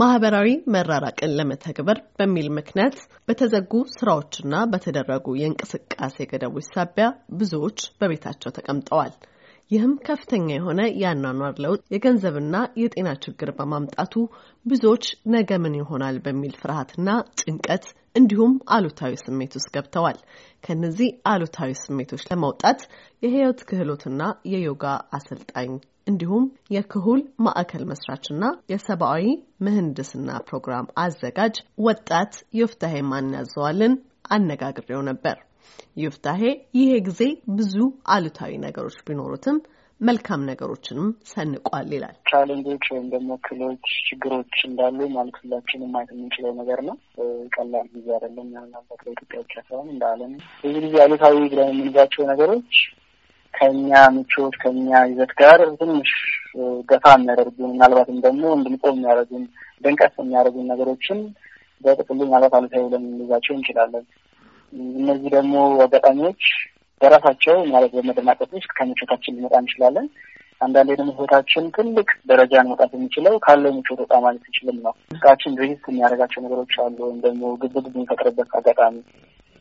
ማህበራዊ መራራቅን ለመተግበር በሚል ምክንያት በተዘጉ ስራዎችና በተደረጉ የእንቅስቃሴ ገደቦች ሳቢያ ብዙዎች በቤታቸው ተቀምጠዋል። ይህም ከፍተኛ የሆነ የአኗኗር ለውጥ የገንዘብና የጤና ችግር በማምጣቱ ብዙዎች ነገ ምን ይሆናል በሚል ፍርሃትና ጭንቀት እንዲሁም አሉታዊ ስሜት ውስጥ ገብተዋል። ከነዚህ አሉታዊ ስሜቶች ለመውጣት የህይወት ክህሎትና የዮጋ አሰልጣኝ እንዲሁም የክሁል ማዕከል መስራችና የሰብአዊ ምህንድስና ፕሮግራም አዘጋጅ ወጣት ዮፍታሄ ማን ያዘዋልን አነጋግሬው ነበር። ይፍታሄ ይሄ ጊዜ ብዙ አሉታዊ ነገሮች ቢኖሩትም መልካም ነገሮችንም ሰንቋል ይላል። ቻሌንጆች ወይም ደግሞ ክሎች፣ ችግሮች እንዳሉ ማለት ሁላችንም ማየት የምንችለው ነገር ነው። ቀላል ጊዜ አይደለም። ያለበት በኢትዮጵያ ብቻ ሳይሆን እንደ ዓለም ብዙ ጊዜ አሉታዊ ብለን የምንዛቸው ነገሮች ከኛ ምቾት ከኛ ይዘት ጋር ትንሽ ገፋ የሚያደርጉን ምናልባትም ደግሞ እንድንቆም የሚያደርጉን ደንቀስ የሚያደርጉን ነገሮችን በጥቅሉ ምናልባት አሉታዊ ብለን ልንዛቸው እንችላለን። እነዚህ ደግሞ አጋጣሚዎች በራሳቸው ማለት በመደናቀጥ ውስጥ ከምቾታችን ሊመጣ እንችላለን። አንዳንዴ ደግሞ ህይወታችን ትልቅ ደረጃ መውጣት የሚችለው ካለው ምቾት ወጣ ማለት ይችልም ነው። ውስጣችን ሪስክ የሚያደርጋቸው ነገሮች አሉ፣ ወይም ደግሞ ግብግብ የሚፈጥርበት አጋጣሚ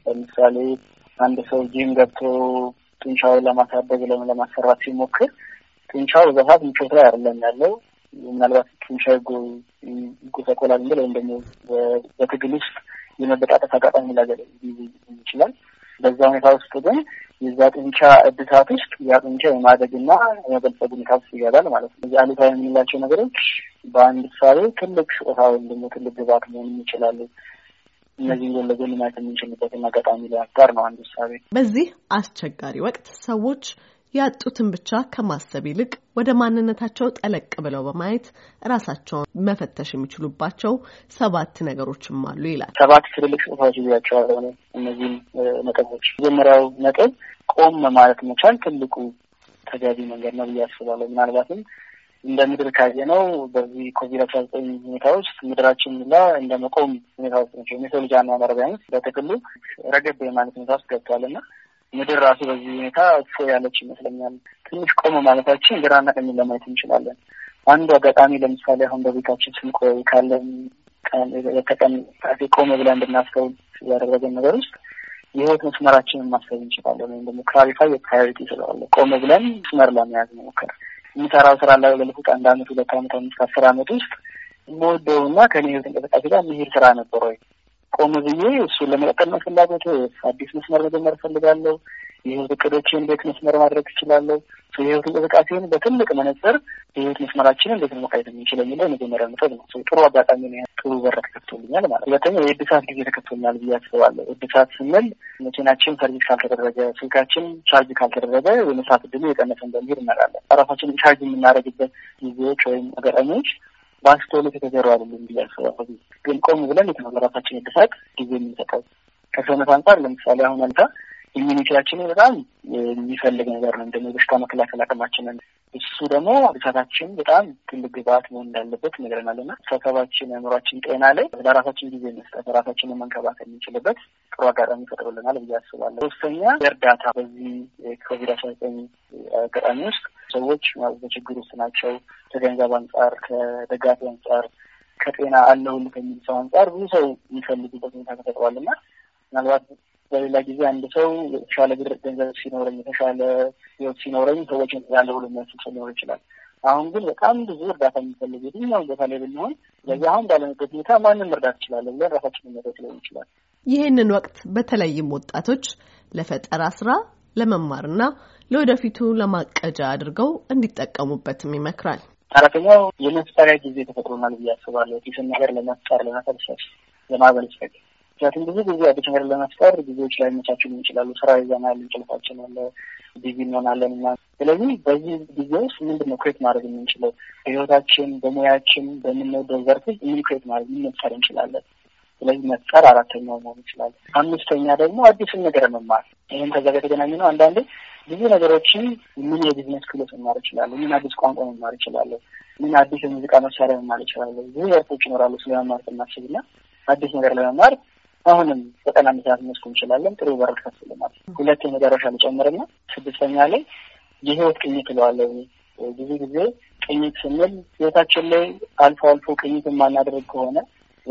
ለምሳሌ አንድ ሰው ጂም ገብቶ ጡንቻውን ለማሳደግ ለምን ለማሰራት ሲሞክር ጡንቻው በዛት ምቾት ላይ አይደለም ያለው። ምናልባት ጡንቻ ይጎሰቆላል ብል ወይም ደግሞ በትግል ውስጥ የመበጣጠፍ አጋጣሚ ይችላል። በዛ ሁኔታ ውስጥ ግን የዛ ጡንቻ እድሳት ውስጥ ያ ጡንቻ የማደግና የመበልጸግ ሁኔታ ውስጥ ይገባል ማለት ነው። እዚህ አሉታዊ የምንላቸው ነገሮች በአንድ ሳሌ ትልቅ ሽቆታ ወይም ደግሞ ትልቅ ግባት መሆን ይችላሉ። እነዚህ ጎን ለጎን ማየት የምንችልበትን አጋጣሚ ሊያጋር ነው አንድ ሳቤ። በዚህ አስቸጋሪ ወቅት ሰዎች ያጡትን ብቻ ከማሰብ ይልቅ ወደ ማንነታቸው ጠለቅ ብለው በማየት ራሳቸውን መፈተሽ የሚችሉባቸው ሰባት ነገሮችም አሉ ይላል። ሰባት ትልልቅ ስጦታዎች ብያቸዋለሁ። እነዚህም ነጥቦች መጀመሪያው ነጥብ ቆም ማለት መቻል ትልቁ ተገቢ መንገድ ነው ብዬ አስባለሁ። ምናልባትም እንደ ምድር ካየ ነው በዚህ ኮቪድ አስራ ዘጠኝ ሁኔታ ውስጥ ምድራችን ላ እንደ መቆም ሁኔታ ውስጥ ናቸው። የሰው ልጅ አኗኗር ቢያንስ በጥቅሉ ረገብ ማለት ሁኔታ ውስጥ ገብቷል እና ምድር ራሱ በዚህ ሁኔታ እፎ ያለች ይመስለኛል። ትንሽ ቆም ማለታችን ግራና ቀኝ ለማየት እንችላለን። አንዱ አጋጣሚ ለምሳሌ አሁን በቤታችን ስንቆይ ካለን የተቀን ሰዓቴ ቆመ ብለን እንድናስተው ያደረገን ነገር ውስጥ የህይወት መስመራችንን ማሰብ እንችላለን። ወይም ደግሞ ክላሪፋይ የፕራዮሪቲ ስለዋለ ቆመ ብለን መስመር ለመያዝ መሞከር የሚሰራው ስራ ላይ ለልፉት አንድ አመት፣ ሁለት አመት፣ አምስት አስር አመት ውስጥ የምወደውና ከኔ ህይወት እንቅስቃሴ ጋር መሄድ ስራ ነበር ወይ ቆም ብዬ እሱን ለመቀጠል ፍላጎት አዲስ መስመር መጀመር እፈልጋለሁ። የህይወት እቅዶችን እንዴት መስመር ማድረግ እችላለሁ። የህይወት እንቅስቃሴን በትልቅ መነጽር የህይወት መስመራችንን እንዴት ነው መቃየት የሚችለው የሚለው መጀመሪያ መጠብ ነው። ጥሩ አጋጣሚ ነው። ጥሩ በር ተከፍቶልኛል ማለት ሁለተኛ የእድሳት ጊዜ ተከፍቶልኛል ብዬ አስባለሁ። እድሳት ስንል መኪናችን ሰርቪስ ካልተደረገ፣ ስልካችን ቻርጅ ካልተደረገ የመስራት ዕድሉ የቀነሰ እንደሚሄድ እናላለን። ራሳችንን ቻርጅ የምናደርግበት ጊዜዎች ወይም አጋጣሚዎች በአስተውሎት የተዘሩ አይደለም ብዬ አስባለሁ። ግን ቆም ብለን የትምህርት ለራሳችን ጊዜ የምንሰጠው ከሰውነት አንጻር ለምሳሌ አሁን አልጋ ኢሚኒቲያችንን በጣም የሚፈልግ ነገር ነው። እንደ በሽታ መከላከል አቅማችንን እሱ ደግሞ እሳታችን በጣም ትልቅ ግብአት መሆን እንዳለበት ነግረናል እና ሰከባችን አእምሯችን ጤና ላይ ለራሳችን ጊዜ መስጠት ራሳችንን መንከባከል የምንችልበት ጥሩ አጋጣሚ ፈጥሮልናል ብዬ አስባለሁ። ሶስተኛ የእርዳታ በዚህ ኮቪድ አስራ ዘጠኝ አጋጣሚ ውስጥ ሰዎች በችግር ውስጥ ናቸው። ከገንዘብ አንጻር፣ ከደጋፊ አንጻር፣ ከጤና አለሁል ከሚል ሰው አንጻር ብዙ ሰው የሚፈልጉበት ሁኔታ ተፈጥሯል እና ምናልባት በሌላ ጊዜ አንድ ሰው የተሻለ ገንዘብ ሲኖረኝ፣ የተሻለ ህይወት ሲኖረኝ ሰዎች ያለው ለሚያስብ ሰው ሊኖር ይችላል። አሁን ግን በጣም ብዙ እርዳታ የሚፈልግ የትኛውን ቦታ ላይ ብንሆን፣ ስለዚህ አሁን ባለንበት ሁኔታ ማንም እርዳት ይችላለ ብለን ራሳችን መመረት ሊሆን ይችላል። ይህንን ወቅት በተለይም ወጣቶች ለፈጠራ ስራ ለመማርና ለወደፊቱ ለማቀጃ አድርገው እንዲጠቀሙበትም ይመክራል። አራተኛው የመፍጠሪያ ጊዜ ተፈጥሮናል ብዬ አስባለሁ። አዲስን ነገር ለመፍጠር ለመፈልሰፍ፣ ለማበልጸግ ምክንያቱም ብዙ ጊዜ አዲስ ነገር ለመፍጠር ጊዜዎች ላይ መቻችን ይችላሉ። ስራ ይዘናል፣ እንቅልፋችን አለ፣ ቢዚ እንሆናለን እና ስለዚህ በዚህ ጊዜ ውስጥ ምንድን ነው ክሬት ማድረግ የምንችለው በህይወታችን፣ በሙያችን፣ በምንወደው ዘርፍ ምን ክሬት ማድረግ ምን መፍጠር እንችላለን ስለዚህ መፍጠር አራተኛው መሆን ይችላል። አምስተኛ ደግሞ አዲስን ነገር መማር ይህም ከዛ ጋር የተገናኘ ነው። አንዳንዴ ብዙ ነገሮችን ምን የቢዝነስ ክሎት መማር እችላለሁ፣ ምን አዲስ ቋንቋ መማር እችላለሁ፣ ምን አዲስ የሙዚቃ መሳሪያ መማር እችላለሁ። ብዙ ዘርፎች ይኖራሉ ስለመማር ስናስብና አዲስ ነገር ለመማር አሁንም ዘጠና ምክንያት መስኩ እንችላለን። ጥሩ በር ከፍልማል። ሁለት የመጨረሻ ልጨምርና ስድስተኛ ላይ የህይወት ቅኝት እለዋለሁ። ብዙ ጊዜ ቅኝት ስንል ህይወታችን ላይ አልፎ አልፎ ቅኝት የማናደርግ ከሆነ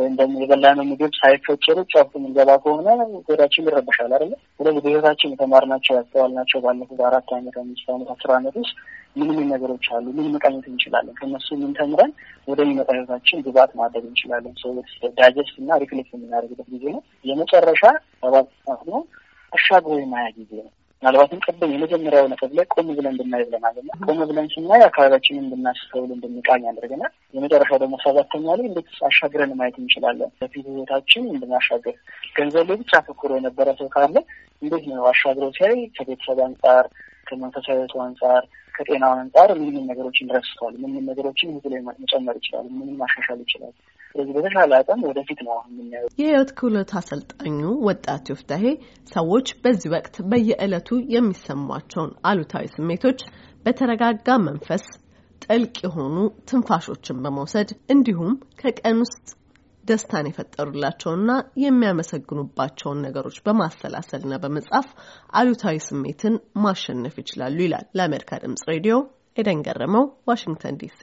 ወይም ደግሞ የበላነው ምግብ ሳይፈጭሩ ጨፍ ምንገባ ከሆነ ጎዳችን ይረበሻል አይደለ? ስለዚህ በህይወታችን የተማርናቸው ያስተዋልናቸው ባለፉት አራት አመት አምስት አመት አስር አመት ውስጥ ምን ምን ነገሮች አሉ? ምን መቃኘት እንችላለን? ከነሱ ምን ተምረን ወደ ሚመጣ ህይወታችን ግብዓት ማድረግ እንችላለን? ሰው ዳይጀስት እና ሪፍሌክት የምናደርግበት ጊዜ ነው። የመጨረሻ ሰባት ነው። አሻግሮ የማያ ጊዜ ነው። ምናልባትም ቅድም የመጀመሪያው ነጥብ ላይ ቆም ብለን እንድናይ ብለናል እና ቆም ብለን ስናይ አካባቢያችንን እንድናስተውል እንድንቃኝ ያደርገናል። የመጨረሻ ደግሞ ሰባተኛ ላይ እንዴት አሻግረን ማየት እንችላለን፣ በፊት ህይወታችን እንድናሻገር ገንዘብ ላይ ብቻ አተኩሮ የነበረ ሰው ካለ እንዴት ነው አሻግሮ ሲያይ ከቤተሰብ አንጻር ከመንፈሳዊቱ አንጻር ከጤናው አንጻር ምንም ነገሮችን ረስተዋል፣ ምንም ነገሮችን ህዝብ ላይ መጨመር ይችላል፣ ምንም ማሻሻል ይችላል ስለዚህ በተሻለ አቅም ወደፊት ነው አሁን የምናየው። የህይወት ክህሎት አሰልጣኙ ወጣት ዮፍታሄ ሰዎች በዚህ ወቅት በየዕለቱ የሚሰሟቸውን አሉታዊ ስሜቶች በተረጋጋ መንፈስ ጥልቅ የሆኑ ትንፋሾችን በመውሰድ እንዲሁም ከቀን ውስጥ ደስታን የፈጠሩላቸውና የሚያመሰግኑባቸውን ነገሮች በማሰላሰልና በመጻፍ አሉታዊ ስሜትን ማሸነፍ ይችላሉ ይላል። ለአሜሪካ ድምጽ ሬዲዮ ኤደን ገረመው፣ ዋሽንግተን ዲሲ